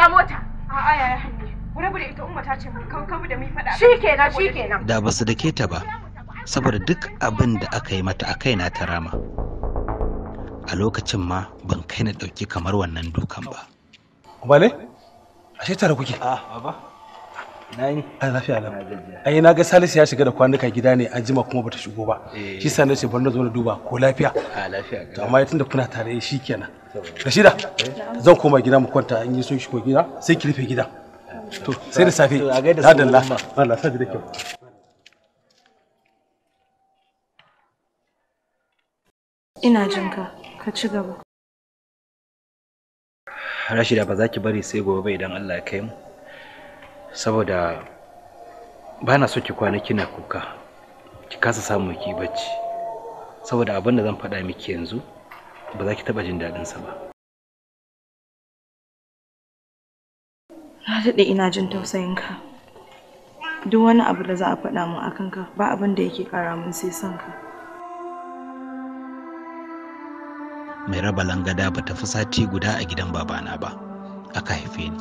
da ita umma da mu basu dake ta ba saboda duk abin da aka yi mata a kaina ta rama a lokacin ma ban kai na ɗauki kamar wannan dukan ba. Bale? Ashe tare kuke? A, ah, baba. Na yi. A ah, lafiya lau. Ai na ga Salisu ya shiga da kwanuka gida ne an jima kuma bata shigo ba. Eh. Shi sa na ce bari na zo na duba ko lafiya. A ah, lafiya. To amma tunda kuna tare shi kenan. Rashida zan koma gida mu kwanta in yi sun shigo gida sai ki rufe gida. To sai da safe. Da dalla. Allah sa da kyau. Ina jin ka, ka ci gaba. Rashida ba za ki bari sai gobe ba idan Allah ya kai mu. Saboda ba na so ki kwana kina kuka. Ki kasa samu ki bacci. Saboda abin da zan faɗa miki yanzu ba za ki taɓa jin daɗinsa ba. Na daɗe ina jin tausayin ka. Duk wani abu da za a faɗa min akan ka ba abin da yake ƙara min sai son ka. Mai raba langada ba ta fi sati guda a gidan babana ba, aka haife ni.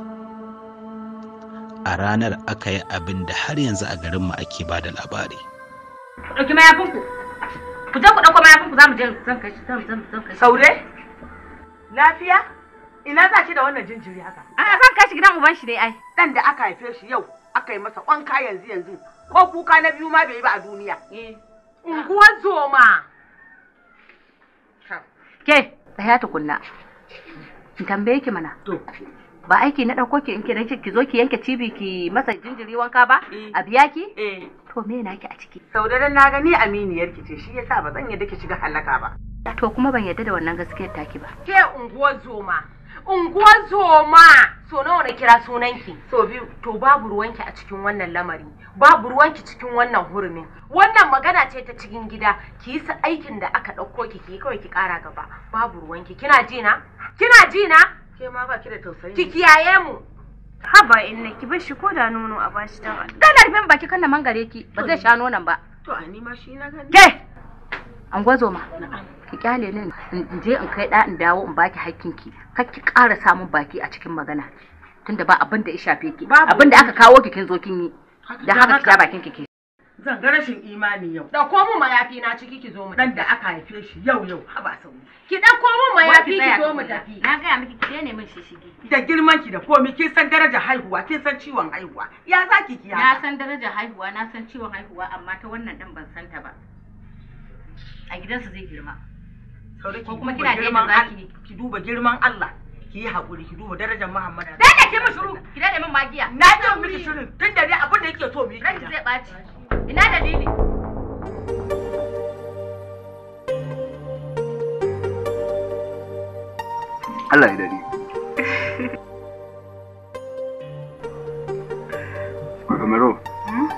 A ranar aka yi abin da har yanzu a garinmu ake ba da labari. Ɗauki mayafinku. ku je ku ɗauko mayafin ku za mu je zan kai shi zan zan zan kai shi saure lafiya ina za ki da wannan jinjiri haka a zan kai shi gidan uban shi dai ai dan da aka haife shi yau aka yi masa wanka yanzu yanzu ko kuka na biyu ma bai yi ba a duniya eh unguwar zoma ke tsaya tukunna in tambaye ki mana to ba aiki na ɗauko ki in ki zo ki yanke cibi ki masa jinjiri wanka ba eh. a biya ki eh. to me ki a ciki saudaren na gani aminiyar ki ce shi yasa ba zan yadda ki shiga halaka ba to kuma ban yadda da wannan gaskiyar taki ba ke unguwar zoma unguwar zoma so nawa na kira sunan ki so biyu to babu ruwanki a cikin wannan lamari babu ruwanki cikin wannan hurumin wannan magana ce ta cikin gida ki yi aikin da aka ɗauko ki ki kawai ki ƙara gaba babu ruwanki kina ji na kina ji na ke ma ba ki da tausayi ki kiyaye mu haba inna ki bar shi ko da nono a bashi dan Allah dan rufin baki kan man gare ki ba zai sha nonon ba to a nima shi na gani ke an gwazo ma ki kyale ni in je in kai da in dawo in baki hakkin ki kar ki ƙara samun baki a cikin magana tunda ba abin da ya shafe ki abin da aka kawo ki kin zo kin yi da haka ki bakin ki zan ga rashin imani yau ma ya mayafi na ciki ki zo mu dan da aka haife shi yau yau haba sauri ki ma ya mayafi ki zo mu tafi na ga miki ki ne mun shi shi. da girman ki da komi kin san darajar haihuwa kin san ciwon haihuwa ya zaki ki na san darajar haihuwa na san ciwon haihuwa amma ta wannan dan ban san ta ba a gidansa zai girma Ko kuma kina da yadda ki duba girman Allah ki yi haƙuri ki duba darajar Muhammadu. Dai da ke mu shiru ki dade min magiya. Na ji miki shirin tun da dai abin da yake so mu yi. Ranki zai ɓaci. Ina dalili? Allah ya dare. Kamaro. Hmm?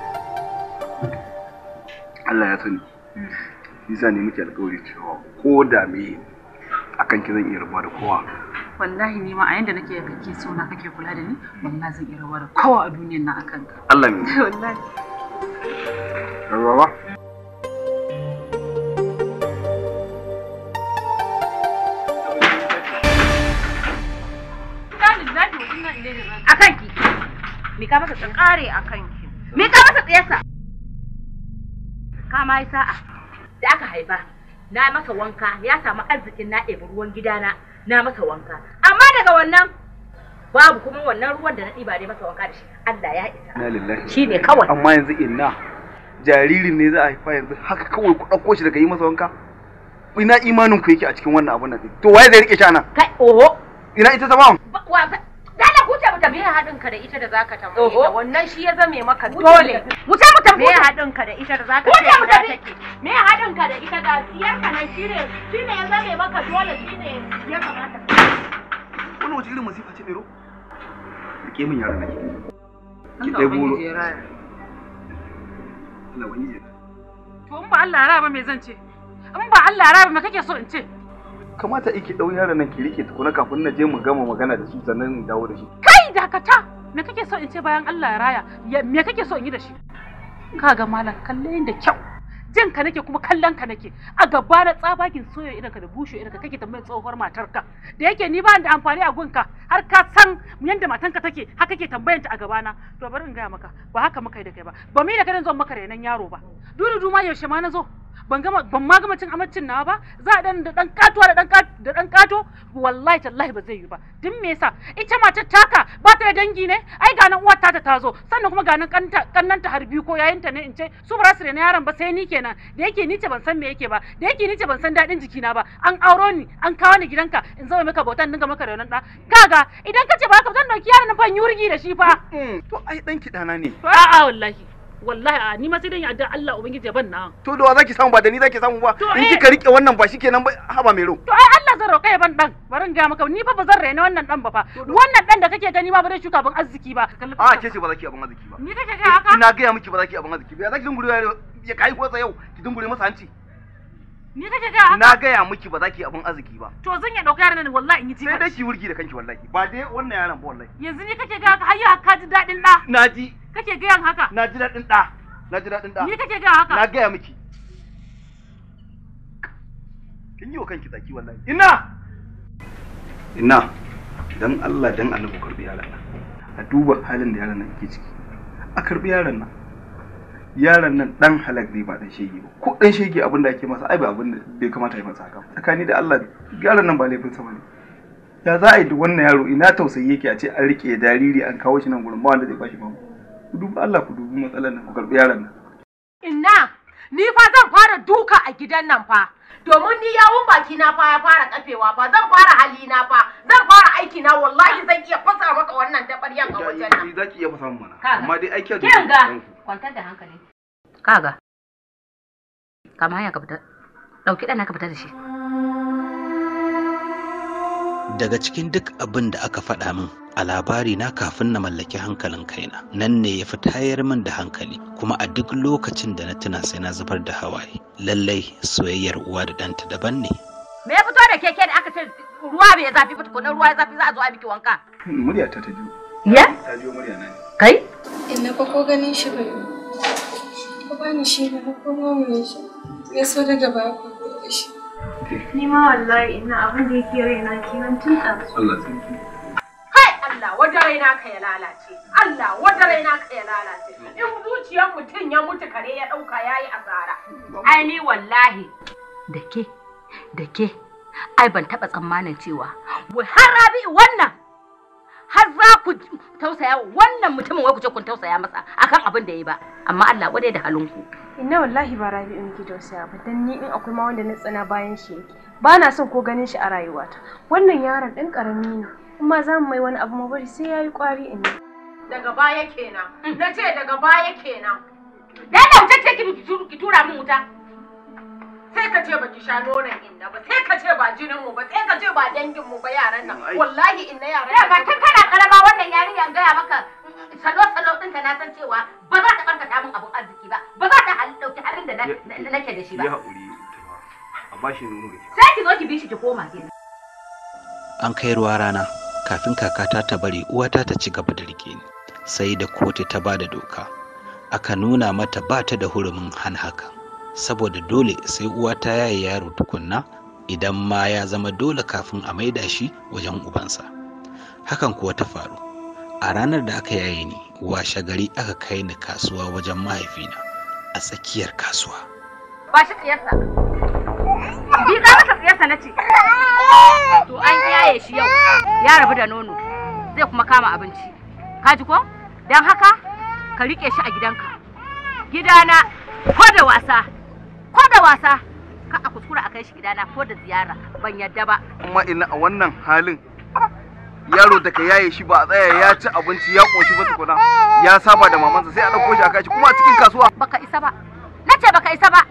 Allah ya sani. Hmm. Isa ne muke alƙawari cewa ko da me akan ki zan iya rabuwa da kowa. Wallahi ni ma a yanda nake kake so na kake kula da ni, hmm. wallahi zan iya rabuwa da kowa a duniyar nan akan ka. Allah ne. Wallahi. Hello. A kanki. Mika masa tsakare a kanki. Mika masa Kama yi sa'a da aka haifa. Na masa wanka ya samu arzikin na ɗebi ruwan gidana na masa wanka. Amma daga wannan babu kuma wannan ruwan da na ɗiba ne masa wanka da shi. Allah ya isa. Shi ne kawai. Amma yanzu inna. jaririn ne za a haifa yanzu haka kawai ku ɗauko shi daga yi masa wanka ina imanin ku yake a cikin wannan abun nan to waye zai rike shi anan kai oho ina ita tamam Dala ku mu tambaye haɗin ka da ita da zaka tambaye ta wannan shi ya zame maka dole mu ce mu tambaye haɗin ka da ita da zaka ce ina take me haɗin ka da ita da siyar ka nan shine shine ya zame maka dole shine ya kamata wannan wace irin masifa ce ro Rike min yaran nake. Ki dai buru Allah wani to in ba Allah raba me zan ce in ba Allah raba me kake so in ce kamata yake dau yaran nan ki rike tukuna kafin na je mu gama magana da su sannan in dawo da shi kai dakata me kake so in ce bayan Allah ya raya me kake so in yi da shi ga malam kalle da kyau jin ka nake kuma kallon ka nake a gaba na tsabakin soyo ka da bushe ka kake tambayar tsohuwar ka da yake ni ba da amfani a gunka har ka san yadda matanka take haka kake tambayanta a gaba na to bari in gaya maka ba haka muka yi da kai ba ba mu yi da kai zan maka renan yaro ba dudu duma yaushe ma na zo ban gama ban ma gama cin amincin nawa ba za a da dan katuwa da dan kato wallahi tallahi ba zai yi ba din me yasa ita matar taka ba ta da dangi ne ai ga nan uwar ta ta zo sannan kuma ga nan harbi ko biyu ko yayinta ne in ce su ba su na yaron ba sai ni kenan da yake ni ce ban san me yake ba da yake ni ce ban san dadin jikina ba an auro ni an kawo ni gidanka in zama maka bautan dinga maka raunin da kaga idan ka ce ba ka zan dauki yaron ban yurgi da shi fa to ai dan dana ne a'a wallahi wallahi a ni ma sai dan yadda Allah ubangiji ya banna to da zaki samu ba da ni zaki samu ba in eh. kika rike wannan ba shikenan ba haba mai ro to ai Allah zan roƙa ya ban dan in ga maka ni fa ba zan raina wannan dan ba fa wannan dan da kake gani ma ba zai shuka ban arziki ba a ke ce ba zaki abin arziki ba ni kake ga haka ina ga miki ba zaki abin arziki ba zaki dungure ya kai ko yau ki dungure masa hanci Ni kake ga haka? Na gaya miki ba zaki ki abin arziki ba. To zan ya dauka yaran nan wallahi in yi tifa. Sai dai ki wurgi da kanki wallahi. Ba dai wannan yaran ba wallahi. Yanzu ni kake ga haka har ya ka ji dadin da. Na ji kake gayan haka na ji daɗin ɗa na ji daɗin ɗa ni kake gaya haka na gaya miki kin yi wa kanki tsaki wallahi ina ina dan Allah dan Allah ku karbi yaran nan a duba halin da yaran nan ke ciki a karbi yaran nan yaran nan dan halak ne ba dan shege ba ko dan shege abin da ake masa ai ba abin da bai kamata ya masa haka tsakani da Allah yaran nan ba laifin sa bane ya za a yi da wannan yaro ina tausayi yake a ce an rike jariri an kawo shi nan gurin ba wanda zai bashi ba ku dubi Allah ku dubi matsalar nan ku karbi yaron nan inna ni fa zan fara duka a gidan nan fa domin ni yawun baki na fa ya fara kafewa fa zan fara hali na fa zan fara aiki na wallahi zan iya fasa maka wannan tabaryan a wajen nan zaki iya fasa mana amma dai aiki da kanka. kwantar da hankali kaga kama ya ka fita dauki dana ka fita da shi daga cikin duk abin da aka faɗa min a labari na kafin na mallaki hankalin kaina nan ne ya fi tayar min da hankali kuma a duk lokacin da na tuna sai na zubar da hawaye lallai soyayyar uwa da ɗanta daban ne me ya fito da keke da aka ce ruwa bai zafi ba tukunan ruwa ya zafi za a zo a miki wanka murya ta ta biyu ya ta biyu murya na kai inna ko ko ganin shi bai ko bani shi ba ko mu ne shi ya so daga ba ku shi Ni ma wallahi ina abin da ya lalace. Allah ya lalace. In mutum ya kare ya ɗauka ya yi asara. wallahi. Da ke, ai ban taɓa tsammanin cewa wai har rabi wannan har za ku tausaya wannan mutumin wai ku ce kun tausaya masa akan abin da ya ba amma Allah dai da halinku inna wallahi ba in ki tausaya ba dan ni in akwai ma wanda na tsana bayan shi yake ba na son ko ganin shi a rayuwata wannan yaron din karami ne kuma za mu mai wani abu mu bari sai yayi kwari in daga baya kenan nace daga baya kenan dan da wuce ki tura min wuta sai ka ce baki sha nonon inna ba sai ka ce ba jinin mu ba sai ka ce ba dangin mu ba yaran nan wallahi inna yaran nan ga kana karama wannan yarinyar gaya maka salo salo ɗinta na san cewa ba za ta barkata min abun arziki ba ba za ta ɗauki harin da nake da shi ba ya haƙuri a bashi nono sai ki zo ki bi shi ki koma gida an kai ruwa rana kafin kakata ta bari uwata ta ci gaba da rike ni sai da kotu ta ba da doka aka nuna mata ba ta da hurumin han hakan saboda dole sai uwa ta yaye yaro tukunna idan ma ya zama dole kafin a maida shi wajen ubansa hakan kuwa ta faru a ranar da aka yaye ni washe gari aka kai ni kasuwa wajen mahaifina a tsakiyar kasuwa ba shi tsiyarsa bi za masa tsiyarsa na ce to an yaye shi yau ya rabu da nono zai kuma kama abinci ka ji ko don haka ka rike shi a gidanka gidana ko da wasa ko da wasa ka a kuskura a kai shi gidana ko da ziyara ban yadda ba kuma ina a wannan halin yaro da ka yaye shi ba a tsaya ya ci abinci ya koshi ba tukuna ya saba da mamansa sai a ɗauko shi a kai shi kuma a cikin kasuwa baka isa ba na ce baka isa ba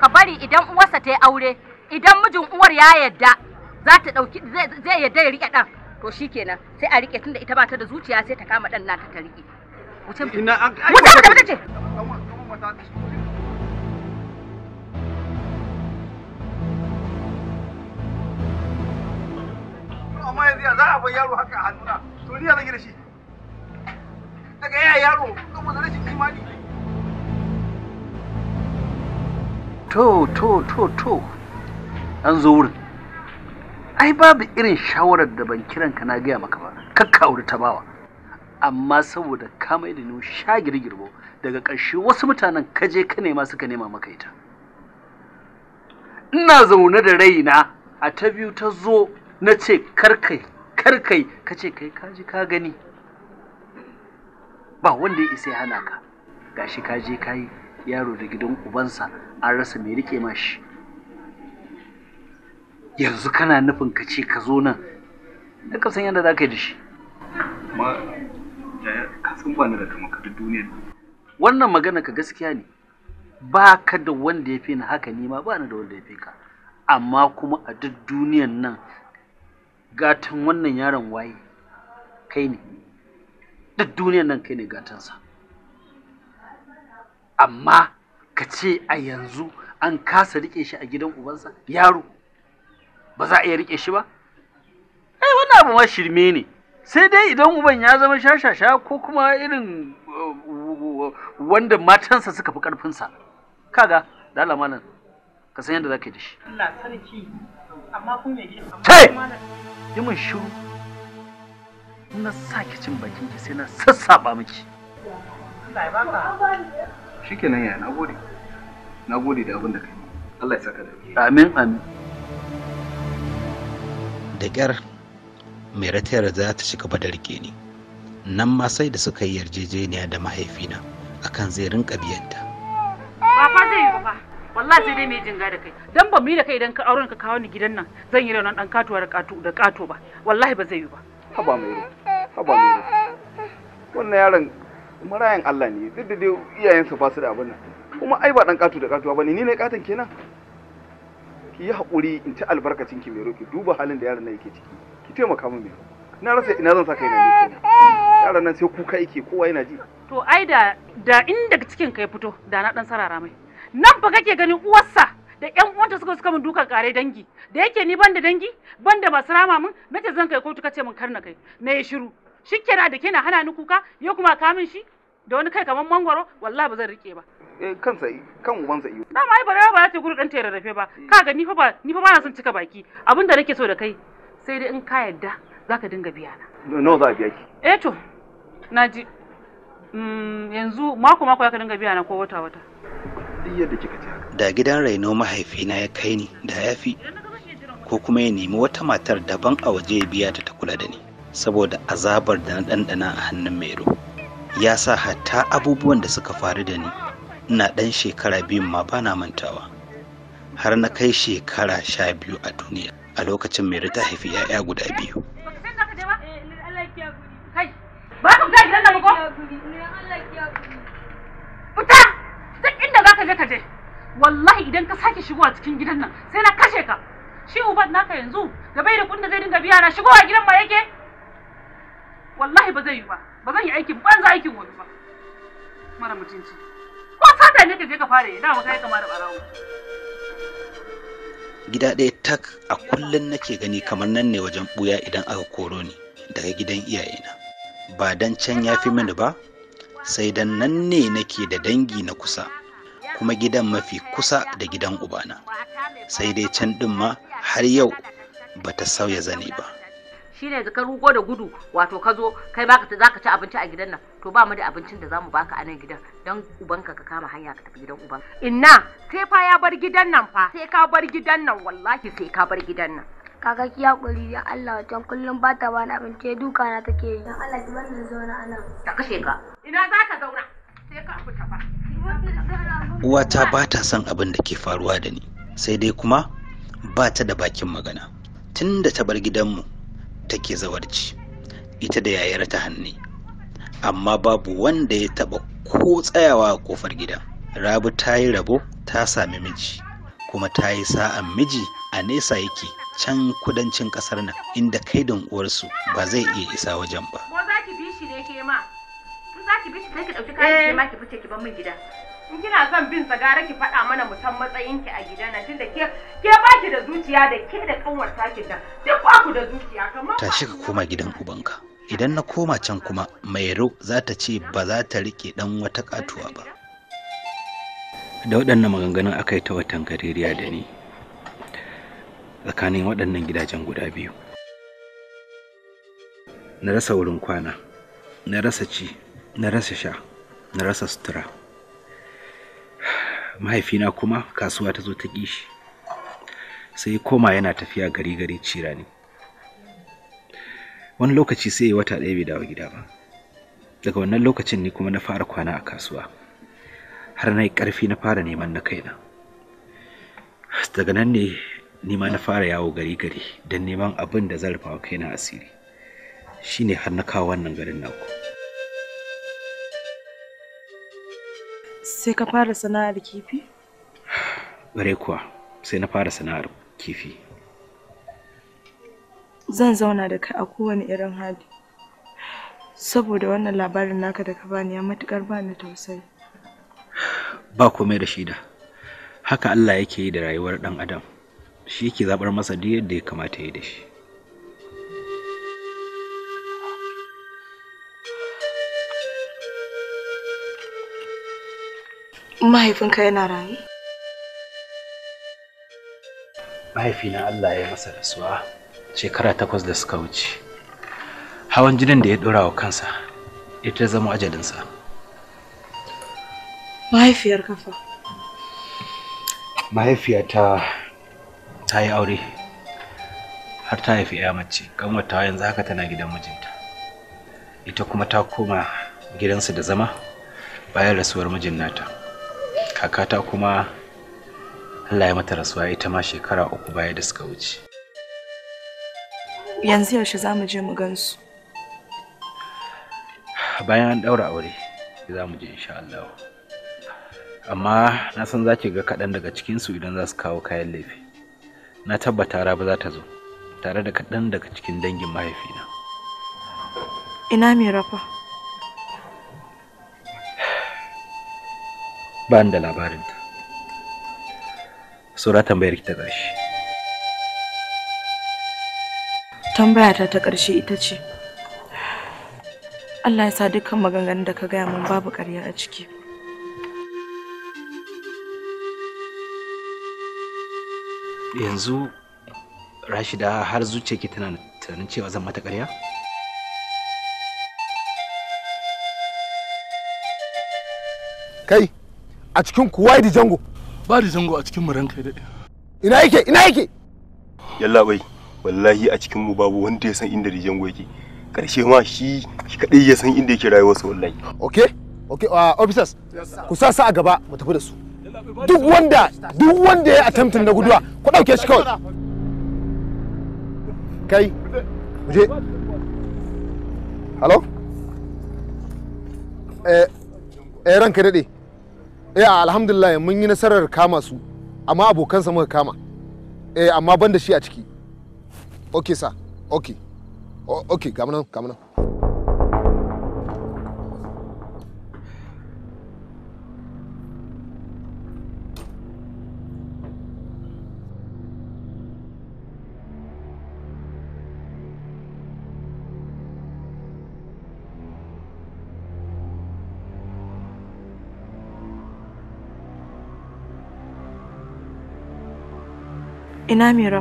ka bari idan uwarsa ta yi aure idan mijin uwar ya yadda za ta ɗauki zai yadda ya riƙe ɗan to shikenan sai a riƙe tunda ita ba ta da zuciya sai ta kama ɗan nata ta riƙe wuce mutum da mutum ce amma ya za a bar yaro haka a hannuna to ni da shi daga yaya yaro rashin imani to to to to an zo wurin ai babu irin shawarar da ban kiran ka na gaya maka ba kakka aure ta bawa amma saboda ka mai da sha girgirbo daga ƙarshe wasu mutanen ka je ka nema suka nema maka ita ina zaune da raina a ta biyu ta zo na ce karkai karkai ka ce kai kaji ka gani ba wanda ya isa ya hana ka gashi ka je ka yi yaro da gidan ubansa an rasa mai rike mashi yanzu kana nufin ka ce ka zo nan da ka san yadda za ka yi da shi ma ka san ba ni da kamar duk duniyar wannan magana ka gaskiya ne ba ka da wanda ya fi ni haka ni ma ba ni da wanda ya fi ka amma kuma a duk duniyar nan gatan wannan yaron waye kai ne duk duniyan nan kai ne gatansa amma ka ce a yanzu an kasa rike shi a gidan ubansa yaro ba za a iya rike shi ba Eh wannan abu ma shirme ne sai dai idan uban ya zama shashasha ko kuma irin uh, wanda matansa suka fi karfinsa kaga da alamanan ka san yadda za yi da shi Allah sarki amma kun yi amma yi min shiru na sa cin bakin ki sai na sassaba miki shikenan yaya nagode nagode da abin da kai Allah ya saka da amin amin da kyar mai ratayar za ta ci gaba da rike ni nan ma sai da suka yi yarjejeniya da mahaifina akan zai rinka biyanta wallahi sai dai mai jinga da kai dan ba mu yi da kai idan ka auren ka kawo ni gidan nan zan yi raunan dan katuwa da katu da kato ba wallahi ba zai yi ba haba mai ro haba mai ro wannan yaron marayan Allah ne duk da dai iyayensa ba su da abin nan kuma ai ba dan katu da katuwa bane ni ne katan kenan ki yi hakuri in ci albarkacin ki mai roki duba halin da yaron nan yake ciki ki taimaka min mai na rasa ina zan saka ina ne yaron nan sai kuka yake kowa yana ji to ai da da inda cikin kai fito da na dan sarara mai nan fa kake ganin uwarsa da ƴan uwanta suka suka min dukan kare dangi da yake ni banda dangi banda masu rama min nace zan kai kotu kace min karna kai na yi shiru shikenan da kina hana ni kuka ya kuma ka min shi da wani kai kamar mangwaro wallahi ba zan rike ba eh sai kan uban iyo na mai bara ba ta guri dan tare rafe ba eh. ka ga ni fa ba ni fa ba na son cika baki abinda nake so da kai sai dai in ka yadda zaka dinga biya na nawa za a biya ki eh to naji mm, yanzu mako mako ya ka dinga biya na ko wata wata da gidan raino mahaifina ya kai ni da ya fi ko kuma ya nemi wata matar daban a waje ya biya ta ta kula da ni saboda azabar da na ɗanɗana a hannun mero ya sa hatta abubuwan da suka faru da ni ina ɗan shekara biyun ma ba na mantawa har na kai shekara sha biyu a duniya a lokacin mero ta haifi 'ya'ya guda biyu ka je ka je wallahi idan ka sake shigowa cikin gidan nan sai na kashe ka shi uban naka yanzu da bai da kudin da zai dinga biya na shigowa gidan ma yake wallahi ba zai yi ba ba zan yi aikin banza aikin wani ba mara mutunci ko sata ne ka je ka fara yi dama kai kama da barawo gida ɗaya tak a kullun nake gani kamar nan ne wajen buya idan aka koro ni daga gidan iyayena ba dan can ya fi mini ba sai dan nan ne nake da dangi na kusa kuma gidan mafi kusa da gidan ubana sai dai can ɗin ma har yau ba ta sauya zane ba shine ka rugo da gudu wato ka zo kai baka ta zaka ci abinci a gidan nan to ba mu da abincin da zamu baka a nan gidan dan ubanka ka kama hanya ka tafi gidan uban inna sai fa ya bar gidan nan fa sai ka bar gidan nan wallahi sai ka bar gidan nan kaga ki hakuri ya Allah wajen kullum ba ta bani abinci duka na take yi dan Allah ki ni zauna anan ta kashe ka ina zaka zauna sai ka fita fa uwata ba ta son abin da ke faruwa da ni sai dai kuma ba ta da bakin magana tun da ta bar gidanmu take zawarci ita da yayar ta hannu amma babu wanda ya taba ko tsayawa a kofar gida rabu ta yi rabo ta sami miji kuma ta yi sa'an miji a nesa yake can kudancin ƙasar nan inda kaidan uwarsu ba zai iya isa wajen ba. Ko za ki bi shi ne ke ma? ki bi shi ki ɗauki kayan ke ma ki fice ki bar gida. in kina son bin sa gara ki faɗa mana mu san matsayin ki a gidan nan tunda ke ke ba ki da zuciya da ke da kanwar sakin da duk ba ku da zuciya kamar tashi ka koma gidan ubanka idan na koma can kuma mairo za ta ce ba za ta rike dan wata katuwa ba da waɗannan maganganun aka yi ta watan gaririya da ni tsakanin waɗannan gidajen guda biyu na rasa wurin kwana na rasa ci na rasa sha na rasa sutura mahaifina kuma kasuwa ta zo ta ƙi shi sai koma yana tafiya gari gari cira ne wani lokaci sai ya wata ɗaya bai dawo gida ba daga wannan lokacin ne kuma na fara kwana a kasuwa har na yi ƙarfi na fara neman na kaina daga nan ne nima na fara yawo gari gari don neman abin da zan rufa kaina asiri shine har na kawo wannan garin naku. Sai ka fara sana'ar kifi? Bare kuwa, sai na fara sana'ar kifi. Zan zauna da kai a kowane irin hali. Saboda wannan labarin naka da ka bani ya matukar bani tausayi. Ba komai da shida. Haka Allah yake yi da rayuwar ɗan Adam. Shi yake zaɓar masa duk yadda ya kamata ya yi da shi. mahaifinka yana raye? mahaifina Allah ya masa rasuwa shekara takwas da suka wuce hawan jinin da ya dora wa kansa ita zama ajalinsa mahaifiyar kafa mahaifiyata ta yi aure har ta haifi ya mace kanwata yanzu haka tana gidan mijinta ita kuma ta koma gidansa da zama bayan rasuwar mijin nata kakata kuma Allah ya mata rasuwa ita ma shekara uku baya da suka wuce yanzu yaushe za mu je mu gansu bayan an ɗaura aure za mu je insha Allah amma na san za ki ga kaɗan daga cikinsu idan za su kawo kayan laifi na tabbata raba za ta zo tare da kaɗan daga cikin dangin mahaifina ina mai rafa ba da labarinta Sura tambayar ki ta ƙarshe tambayata ta ƙarshe ita ce Allah ya sa dukkan maganganun da ka gaya min babu ƙarya a ciki yanzu rashida har zuciyarki tana tunanin cewa zan mata ƙarya? kai a cikin kuwa da jango ba da jango a cikin muran kai daɗe ina yake ina yake yalla bai wallahi a cikin mu babu wanda ya san inda da jango yake karshe ma shi shi kadai ya san inda yake rayuwarsa wallahi okay okay uh, officers ku sa sa a gaba mu tafi da su duk wanda duk wanda ya attempting na guduwa ku dauke shi kawai kai je hello eh eh ranka dade eh alhamdulillah mun yi nasarar kama su amma abokansa muka kama eh amma ban da shi a ciki okay sa okay okay gamu nan Ina Amira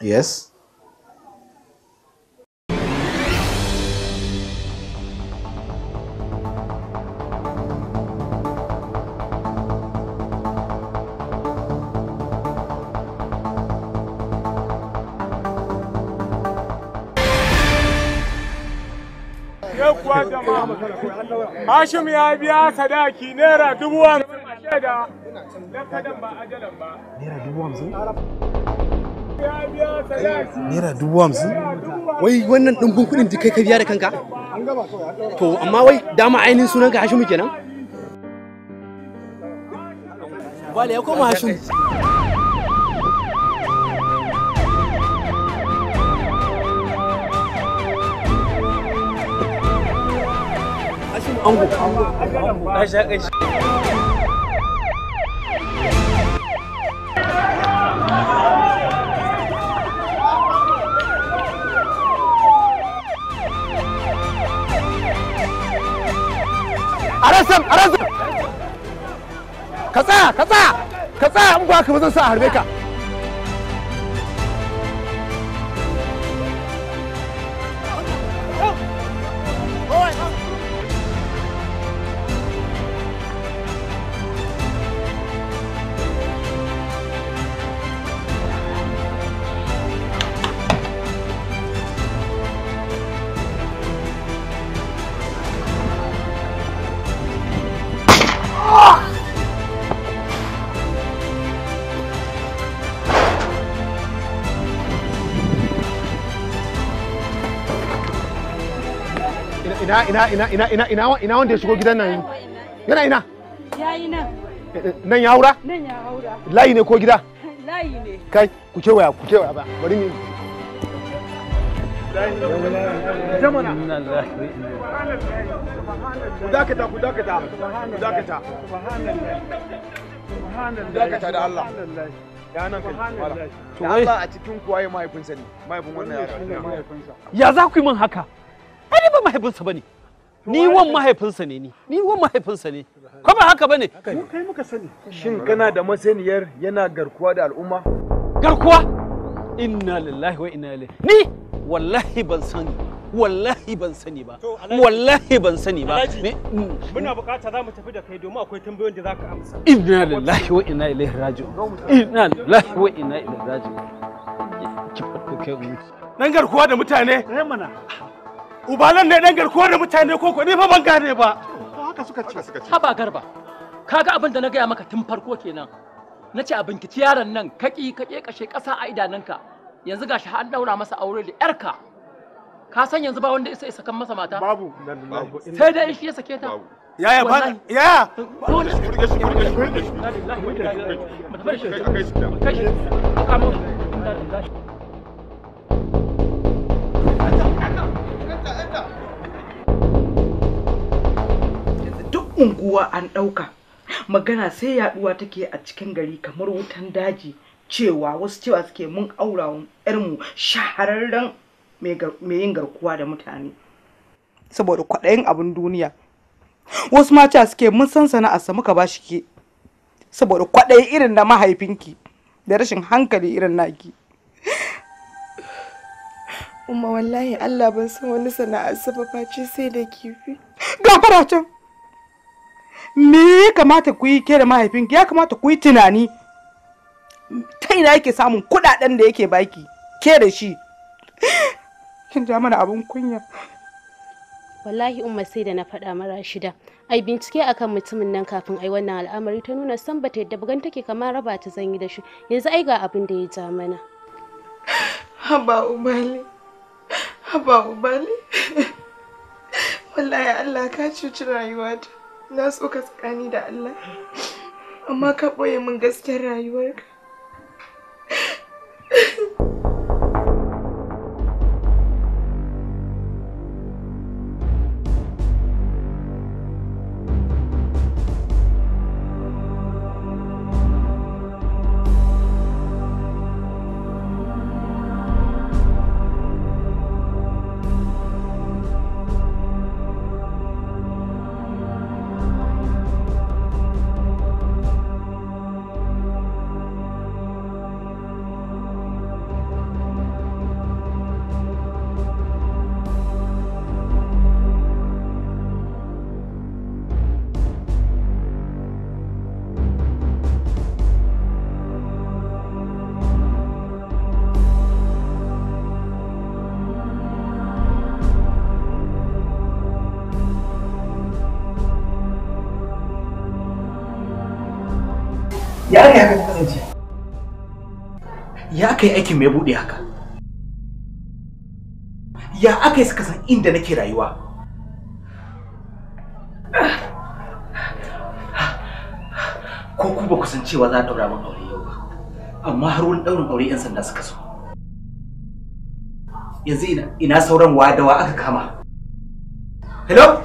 Yes. Hashim ya biya sadaki naira dubu hamsin a shaida kadan ba ajalan ba. Naira dubu hamsin? Naira dubu hamsin? Wai wannan ɗumbin kuɗin duk kai ka biya da kanka? To amma wai dama ainihin sunanka Hashim kenan? Bale ya koma Hashim. ango ka Arasam, arasam! tsaya, ka tsaya! Ka tsaya in ba ka zan sa harbe ka. ina ina ina ina ina ina ina wanda ya shigo gidan nan yana ina yayi ina nan ya haura nan ya haura layi ne ko gida layi ne kai ku ku ba bari ya nan ya za ku yi min haka ai ba mahaifinsa bane ni wan mahaifinsa ne ni ni wan mahaifinsa ne ko ba haka bane mu kai muka sani shin kana da masaniyar yana garkuwa da al'umma garkuwa inna lillahi wa inna ilaihi ni wallahi ban sani wallahi ban sani ba wallahi ban sani ba mm. muna bukata za mu tafi da kai domin akwai tambayoyin da za ka amsa inna lillahi wa inna ilaihi raji'un inna lillahi wa inna ilaihi raji'un ki fito kai mu dan garkuwa da mutane eh mana ubalan ne dan garkuwa da mutane ko ko ni fa ban gane ba haka suka ce haba garba kaga abin da na gaya maka tun farko kenan na ce a binciki yaron nan kaki ka kashe kasa a idanunka yanzu gashi an daura masa aure da yarka ka san yanzu ba wanda isa isa kan masa mata babu sai dai shi ya sake ta yaya ba yaya shi shi unguwa an ɗauka magana sai yaduwa take a cikin gari kamar wutan daji cewa wasu cewa suke mun aurawa yarmu shahararren mai yin garkuwa da mutane saboda kwaɗayin abin duniya wasu mata suke mun san a muka ba ke saboda kwaɗayi irin na mahaifinki da rashin hankali irin naki umma wallahi allah ban san wani sana'ar sababa ce sai da kifi gafara can me ya kamata ku yi ke da mahaifinki ya kamata ku yi tunani ta ina yake samun kudaden da yake baki ke da shi kin ja mana abun kunya wallahi umma sai da na faɗa mara shida ai bincike akan mutumin nan kafin ai wannan al'amari ta nuna san bata yadda bugan take kamar raba ta zanyi da shi yanzu ai ga abin da ya ja mana haba ubali haba ubali wallahi Allah ka cuci rayuwata na so ka tsakani da Allah amma ka ɓoye min gaskiyar rayuwarka ya aka yi aikin mai buɗe haka ya aka yi suka san inda nake rayuwa ko ku ba kusan cewa za a ɗaura min aure yau ba amma har wani ɗaurin aure 'yan sanda suka so yanzu ina sauran wa aka kama hello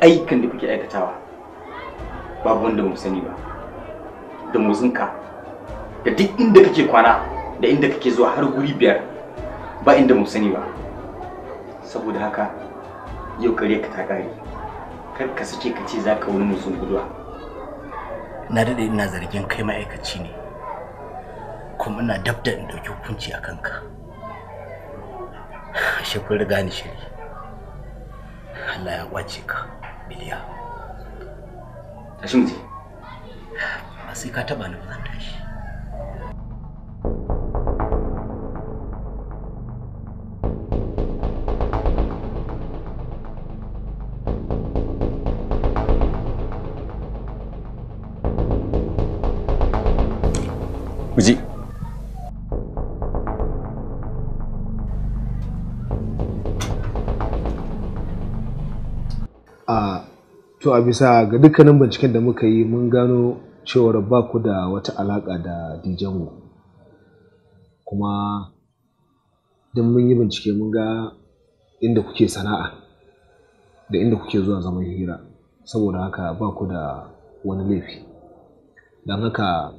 ayyukan da kuke aikatawa babu wanda mu sani ba da motsinka da duk inda kake kwana da inda kake zuwa har guri biyar ba inda mu sani ba saboda haka yau kare ka ta kare kar ka sake ka ce za ka wani musun guduwa na daɗe ina zargin kai ma'aikaci ne kuma ina dab da in ɗauki hukunci a kanka shi kun riga ni shiri Allah ya kwace ka miliya tashi mu je ba sai ka taba ni ba zan tashi to a bisa ga dukkanin binciken da muka yi mun gano cewar ba ku da wata alaka da dijanmu kuma don mun yi bincike mun ga inda kuke sana'a da inda kuke zuwa zaman hira saboda haka ba ku da wani laifi don haka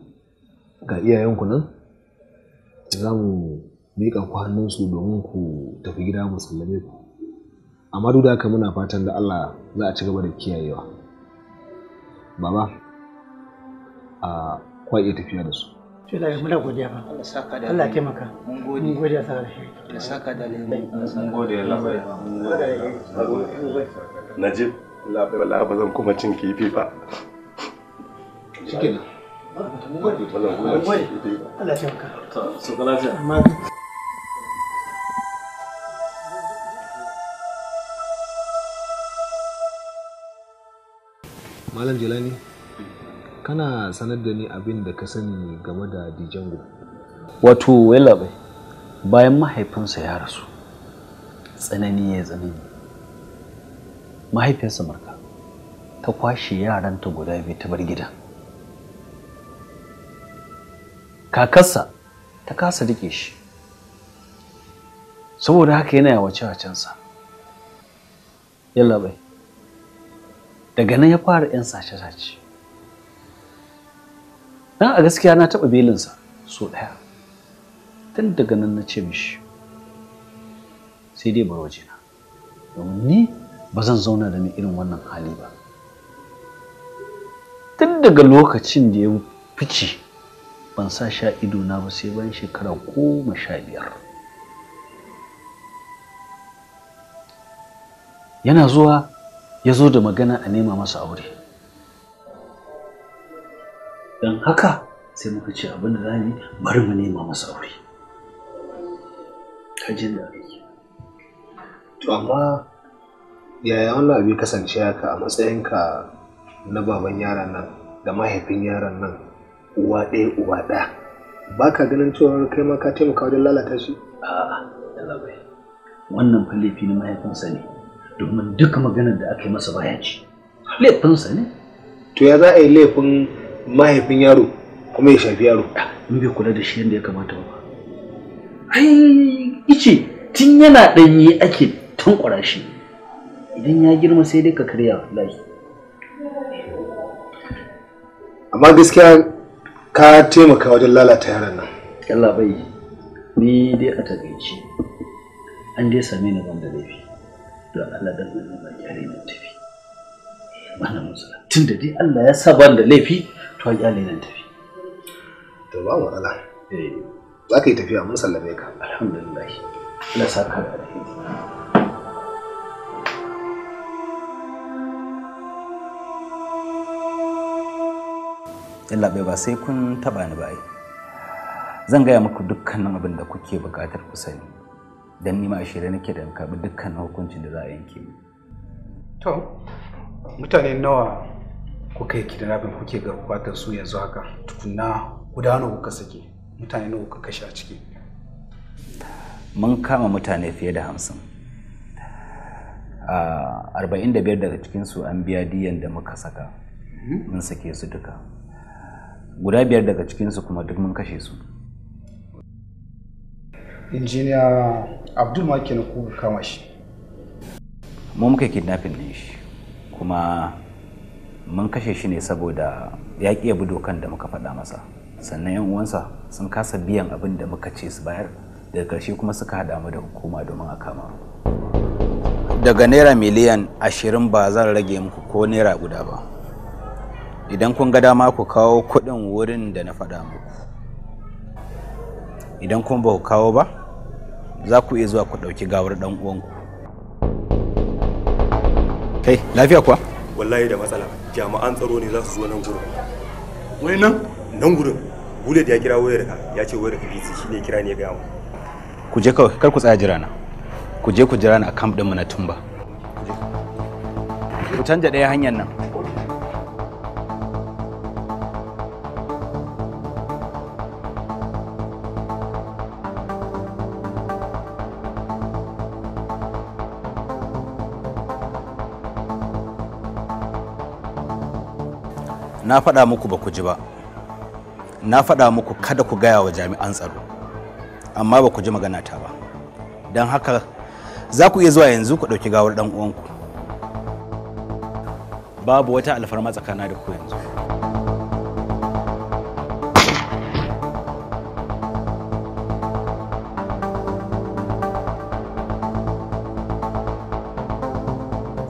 ga iyayenku nan za mu miƙa ku hannunsu domin ku tafi gida musulmi ku amma duk da haka muna fatan da Allah za a ci gaba da kiyayewa baba a kwai iya tafiya da su ce da muna godiya ba Allah saka da Allah taimaka mun gode mun gode sa alheri Allah saka da alheri mun gode ya labai mun gode Najib Allah wallahi ba zan kuma cin kifi ba shikenan Allah mun gode Allah taimaka su kalafiya malam jelani kana sanar da ni abin da ka sani game da dijango wato yalabe bayan mahaifinsa ya rasu tsanani ya tsanani Mahaifinsa marka ta kwashe yaranta guda biyu ta bar gida kakarsa ta kasa rike shi saboda haka yana yawace-wacensa yalla bai daga nan ya fara 'yan sace-sace dan a gaskiya na taɓa belinsa so ɗaya tun daga nan na ce mishi sai dai bar na domin ni ba zan zauna da ni irin wannan hali ba tun daga lokacin da ya fice ban sa sha ido na ba sai bayan shekara goma sha biyar yana zuwa ya zo da magana a nema masa aure don haka sai muka ce abin da za ni bari mu nema masa aure Ka kajin da to amma yaya wannan abin kasance haka a matsayinka na baban yaran nan da mahaifin yaran nan uwa ɗaya uwa ɗaya ba ka ganin cewa kai ma ka taimaka wajen lalata shi a'a wannan fa laifi na mahaifinsa ne domin duk maganar da aka yi masa baya ci laifinsa ne to ya za a yi laifin mahaifin yaro kuma ya shafi yaro ah, in bai kula da shi yadda ya kamata ba ai ice tun yana ɗanye ake tunƙurashi shi idan ya girma sai dai ka karya wallahi amma gaskiya ka taimaka wajen lalata yaran nan yalla bai ni dai a takaici an dai same ni ban da laifi don Allah nan tafi malam tun da dai Allah ya sa da laifi to a kyale nan tafi to ba mu ala eh za ka yi tafiya mun sallame ka alhamdulillah Allah sa ka da Yalla bai ba sai kun taba ni ba ai. Zan gaya muku dukkanin abin da kuke buƙatar ku sani. don nima a shirye nake da karɓi dukkan hukuncin da za a yanke mu. To, mutane nawa kuka yi kidnapping kuke garkuwa da su yanzu haka tukuna guda nawa kuka sake mutane nawa kuka kashe a ciki. Mun kama mutane fiye da hamsin. Ah, arba'in da biyar daga cikinsu an biya diyan da muka saka. Mm-hmm. Mun sake su duka. Guda biyar daga cikinsu kuma duk mun kashe su. injiniya abdul makin kuka kama shi mu muka kidnapping din shi kuma mun kashe shi ne saboda ya ƙi bi dokan da muka faɗa masa sannan yan uwansa sun kasa biyan abin da muka ce su bayar daga ƙarshe kuma suka haɗa mu da hukuma domin a kama daga naira miliyan ashirin ba zan rage muku ko naira guda ba idan kun ga dama ku kawo kuɗin wurin da na faɗa muku idan kun ba ku kawo ba za ku iya zuwa ku ɗauki gawar ɗan uwanku kai lafiya kuwa wallahi da matsala jami'an tsaro ne za su zo nan gurin wai nan nan gurin bullet ya kira wayar ka ya ce wayar ka bisi shine kira ne ga mu ku je kawai kar ku tsaya jira na ku je ku jira na a camp din mu na tumba ku canja ɗaya hanyar nan na faɗa muku ba ku ji ba na faɗa muku kada ku gaya wa jami'an tsaro amma ba ku ji magana ta ba don haka za ku iya zuwa yanzu ku ɗauki gawar ɗan uwanku babu wata alfarma tsakana da ku yanzu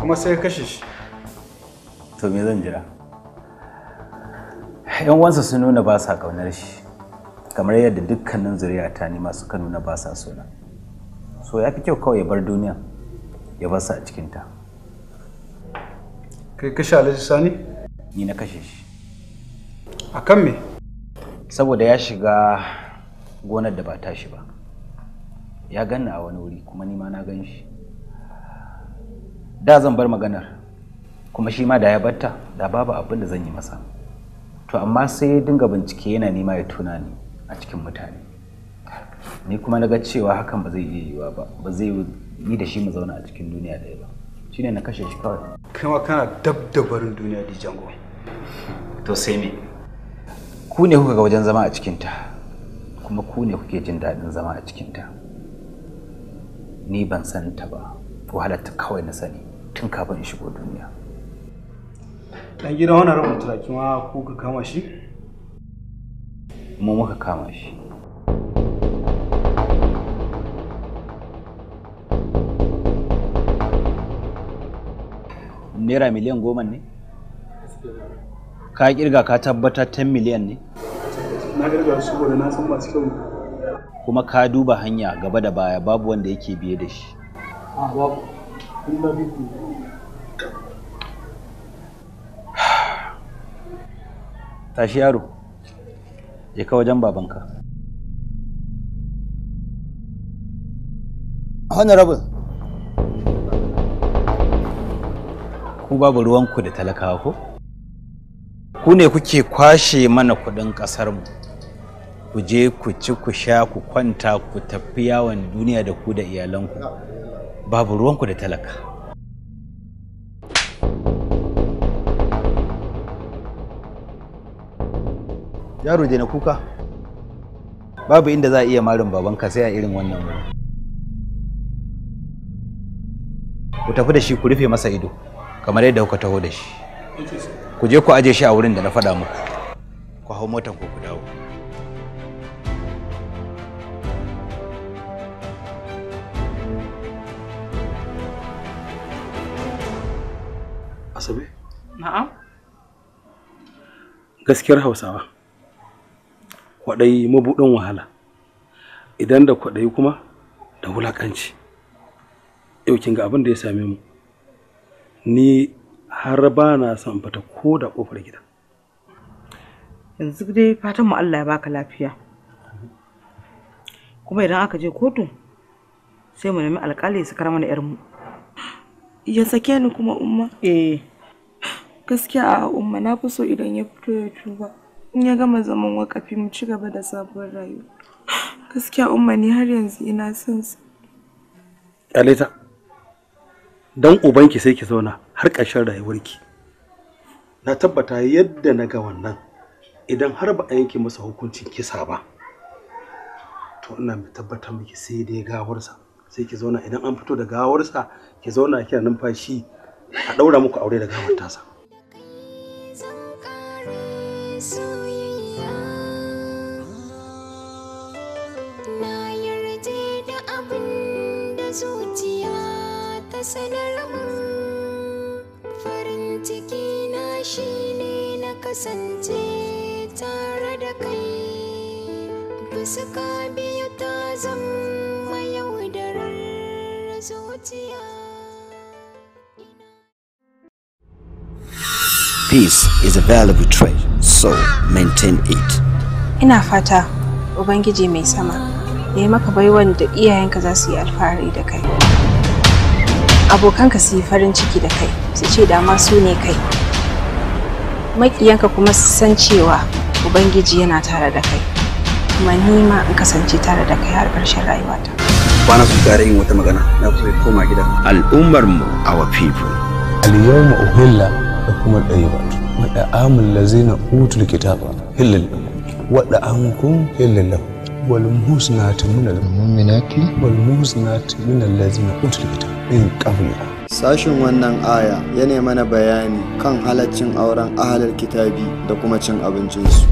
kuma sai kashe shi to me zan jira 'yan wansa sun nuna ba sa ƙaunar shi kamar yadda dukkanin zuriya ta nima suka nuna ba sa suna so ya fi kyau kawai ya bar duniya ya bar sa a cikinta kai kashe alhaji sani ni na kashe shi a kan me saboda ya shiga gonar da ba shi ba ya ganna a wani wuri kuma nima na gan shi da zan bar maganar kuma shi ma da ya batta da babu abin da zan yi masa to amma sai dinga bincike yana nema ya tuna ni a cikin mutane ni kuma na ga cewa hakan ba zai iya yiwuwa ba ba zai yi da shi mu zauna a cikin duniya ɗaya ba shine na kashe shi kawai kuma kana dab da barin duniya di jango to sai me ku ne kuka ga wajen zama a cikinta kuma ku ne kuke jin daɗin zama a cikinta ni ban san ta ba wahalar ta kawai na sani tun kafin in shigo duniya dan gidan wannan rabin turakin wa ko ka kama shi mu muka kama shi naira miliyan goma ne ka kirga ka tabbata 10 miliyan ne na kirga su da na san masu kyau kuma ka duba hanya gaba da baya babu wanda yake biye da shi a ah, babu tashi yaro je ka wajen babanka honorable ku babu ruwanku da talakawa ko ku ne kuke kwashe mana kudin mu ku je ku ci ku sha ku kwanta ku tafi yawon duniya da ku da iyalanku babu ruwanku da talaka Yaro na kuka. Babu inda za a iya marin ka sai a irin wannan wurin. Ku tafi da shi ku rufe masa ido kamar yadda kuka taho da shi. Ku je ku aje shi a wurin da na faɗa muku. Ku hau motan ku ku dawo. Asabe? Na'am. Gaskiyar Hausawa. kwadai mabudin wahala idan da kwadai kuma da wulakanci yau kin ga abin da ya same mu ni har ba na san fita ko da kofar gida yanzu dai fatan mu Allah ya baka lafiya kuma idan aka je kotu sai mu nemi alƙali su kar mana yar mu ya sake ni kuma umma eh gaskiya a umma na fi so idan ya fito ya tuba in ya gama zaman wakafi mu ci gaba da sabuwar rayuwa gaskiya umma ni har yanzu ina son su alita dan ubanki sai ki zauna har ƙarshen rayuwarki na tabbata yadda na ga wannan idan har ba a yanke masa hukuncin kisa ba to ina mai tabbatar miki sai dai gawarsa sai ki zauna idan an fito da gawarsa ki zauna kina numfashi a ɗaura muku aure da gawar tasa sanar mun farin ciki na shine na kasance tare da kai fuska biyu ta zama yaudarar zuciya Peace is a valuable trait, so maintain it. Ina fata, Ubangiji mai sama, ya yi maka baiwan da iyayenka za su yi alfahari da kai. abokanka su yi farin ciki da kai su ce dama su ne kai maƙiyanka kuma su san cewa ubangiji yana tare da kai kuma ni ma in kasance tare da kai har ƙarshen rayuwata bana su tare yin wata magana na so ya koma gida al'ummar mu our people al-yawma uhilla da kuma ɗayiba wa da'amul lazina utul kitaba hillal wa da'amkum hillal والمحسنات من المؤمنات والمحسنات من الذين أوتوا الكتاب من قبلكم Sashin wannan aya ya ne mana bayani kan halaccin auren ahalar kitabi da kuma cin abincinsu.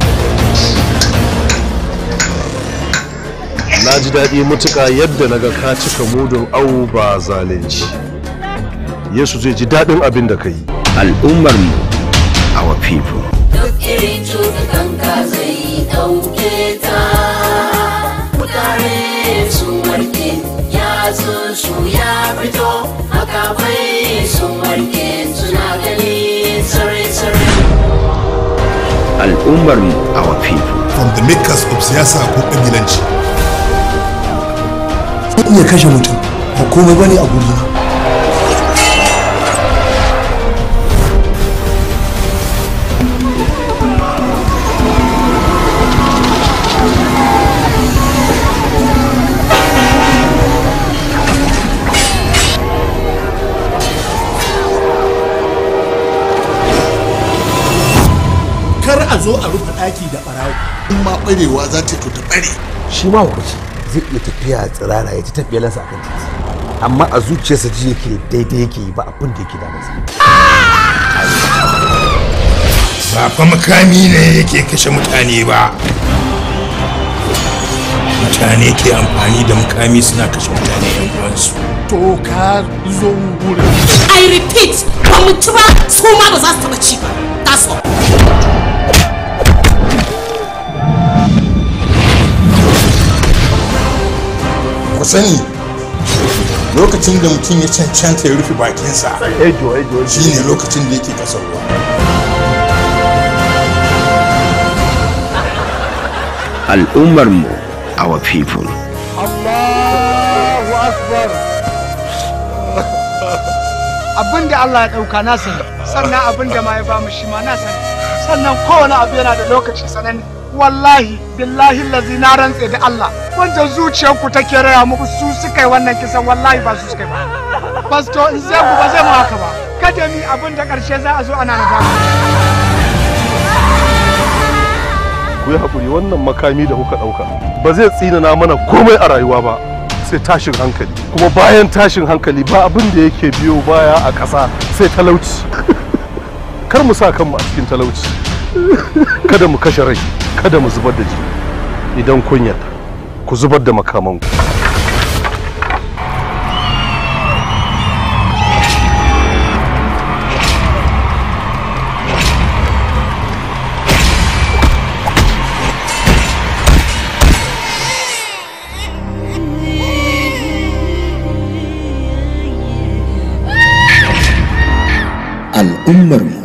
Na ji daɗi mutuka yadda na ga ka cika mudun awu ba zalunci. Yesu zai ji daɗin abin da ka yi. Al'ummar mu, our people. makamai sun warke su ya fito makamai sun warke suna gani tsare-tsare al'ummar mu our from the makers of siyasa ko kabilanci iya kashe mutum ba komai bane a gurina daki da barawo in ma barewa za ta to ta bare shi ma wuce zai iya tafiya tsirara ya ci tafiyalansa akan titi amma a zuciyarsa ji yake daidai yake ba abin da yake da masa ba fa makami ne yake kashe mutane ba mutane ke amfani da mukami suna kashe mutane yan uwansu to ka zo wurin i repeat ba mutu ba su ma ba za su taba ci ba that's all ku sani lokacin da mutum ya cancanta ya rufe bakinsa ne lokacin da yake kasar ruwa al'ummarmu our people Allahu abin da Allah ya ɗauka na sani sannan abin da ma ya mu shi ma na sani sannan kowane abu yana da lokaci sananne wallahi billahi lazi na rantse da Allah wanda zuciyarku take raya muku su suka yi wannan kisan wallahi ba su suka ba pastor in sai ku ba zai mu haka ba kada ni abin da karshe za a zo ana tafi. ku yi hakuri wannan makami da kuka ɗauka ba zai tsinana mana komai a rayuwa ba sai tashin hankali kuma bayan tashin hankali ba abin da yake biyo baya a ƙasa sai talauci kar mu sa kanmu a cikin talauci kada mu kashe rai kada mu zubar da ji idan kunya ku zubar da makamanku al'ummarmu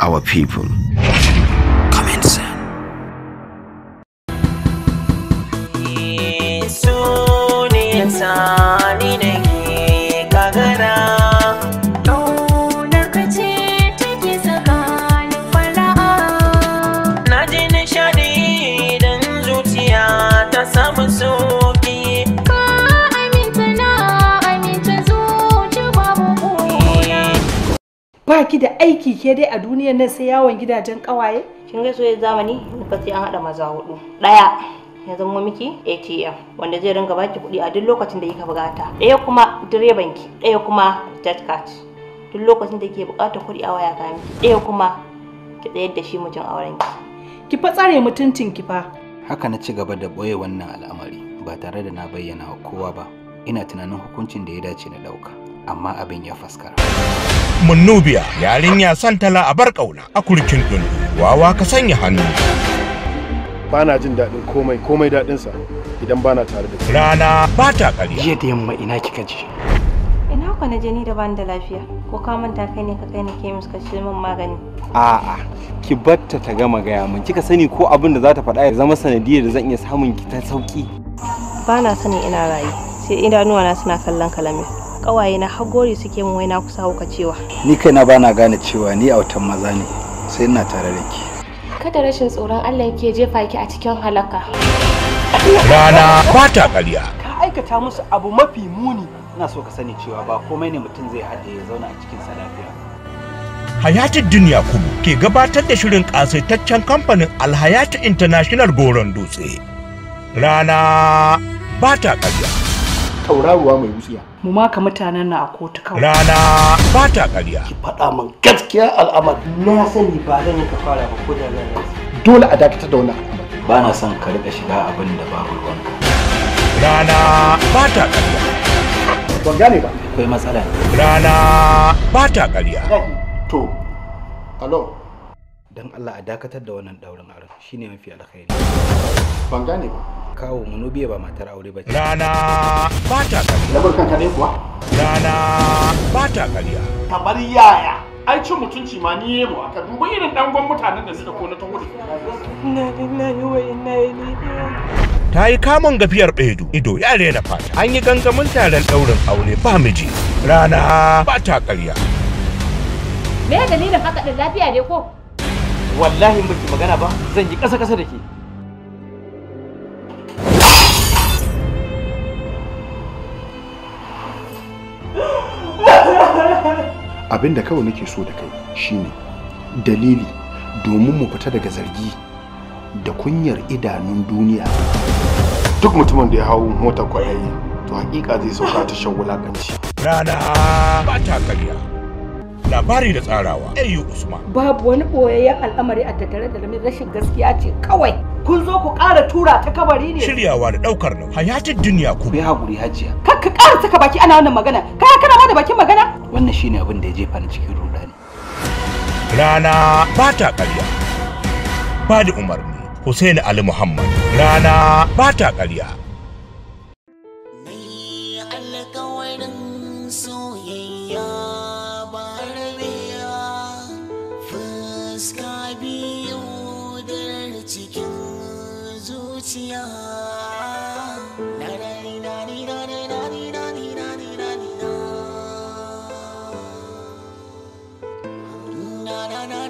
our people baki da aiki ke dai a duniyar nan sai yawon gidajen kawaye kin ga soyayya zamani fa sai an haɗa maza hudu Ɗaya, ya zama miki ATM wanda zai ringa baki kuɗi a duk lokacin da kika bukata ɗaya kuma direban ki ɗaya kuma jet card duk lokacin da kike bukata kuɗi a waya ka miki ɗaya kuma ki tsayar da shi mutum auren ki ki fa tsare mutuncin ki fa haka na ci gaba da boye wannan al'amari ba tare da na bayyana kowa ba ina tunanin hukuncin da ya dace na ɗauka amma abin ya faskara. Munnubiya yarinya santala a bar kauna a kurkin dundu wawa ka sanya hannu. Bana jin daɗin komai komai daɗinsa idan bana tare da kai. Rana ba ta ƙarya. Jiya da yamma ina kika je. Ina ku na jini da bani da lafiya ko ka manta kai ne ka kai ni kemis ka ci min magani. A'a ki batta ta gama gaya min kika sani ko abin da za ta faɗa ya zama sanadiyar da zan iya samun ki ta sauki. Bana sani ina rayu sai idanuwana suna kallon kalamin. ƙawaye na hagori suke min waina kusa hauka cewa ni kai na bana gane cewa ni autan maza ne sai ina tare da ki kada rashin tsoron Allah yake jefa ki a cikin halaka rana kwata kariya ka aikata musu abu mafi muni ina so ka sani cewa ba komai ne mutum zai haɗe ya zauna a cikin lafiya Hayatin Duniya Kubu ke gabatar da shirin ƙasaitaccen kamfanin Alhayati International Goron Dutse. Rana ba ta ƙarya. tauraruwa mai wutsiya. Mu ma ka mutanen na a kotu kawai. Rana ba ta ƙarya. Ki faɗa min gaskiya al'amar. Na sani ba zan yi fara ba ko da zan Dole a dakatar da wannan al'amar. Ba na son ka riƙa shiga abin da babu ruwanka. Rana ba ta ƙarya. Ban gane ba. Akwai matsala. Rana ba ta ƙarya. To, alo. Dan Allah a dakatar da wannan daurin aron shine mafi alkhairi. Ban gane ba. kawo munubiya ba matar aure ba rana ba ta kariya labar kanka ne kuwa rana ba ta kariya kamar yaya ai cin mutunci ma ni yemo aka duba irin gwan mutanen da suka kona ta hudu na ni wai na ni? ta yi kamun gafiyar bedu ido ya rena fata an yi gangamin taron ɗaurin aure ba miji rana ba ta ƙarya me dalilin haka din lafiya ne ko wallahi ki magana ba zan yi ƙasa ƙasa da ke abin da kawai nake so da kai shine dalili domin mu fita daga zargi da kunyar idanun duniya duk mutumin da ya hau motar kwayayi to hakika zai sauka ta shan wulakanci rana ba ta karya labari da tsarawa ayyu usman babu wani boyayyen al'amari a tattare da lamin rashin gaskiya ce kawai kun zo ku ƙara tura ta kabari ne shiryawa da ɗaukar nan hayatin duniya ku bai haƙuri hajiya kar ka ƙara saka baki ana wannan magana kai ka ma da bakin magana wannan shine abin da ya jefa ni cikin rudani rana ba ta ƙarya ba da umarni Hussein Ali Muhammad rana ba ta ƙarya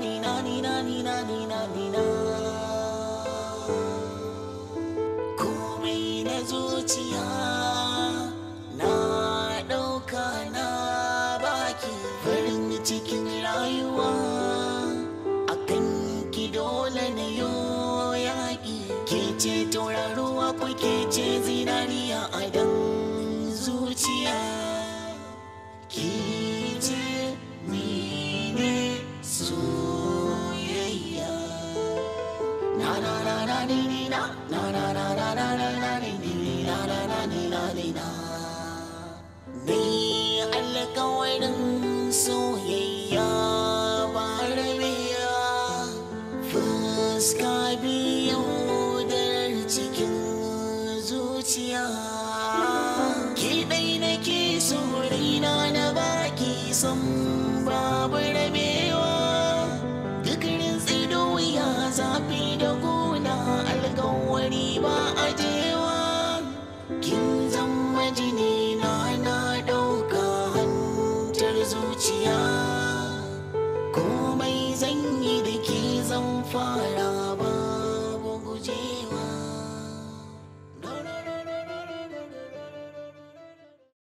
na komai na zuciya na ɗauka na baki farin cikin rayuwa akan ki dole na yo yaƙi ke ce tauraruwa ko ke ce zinariya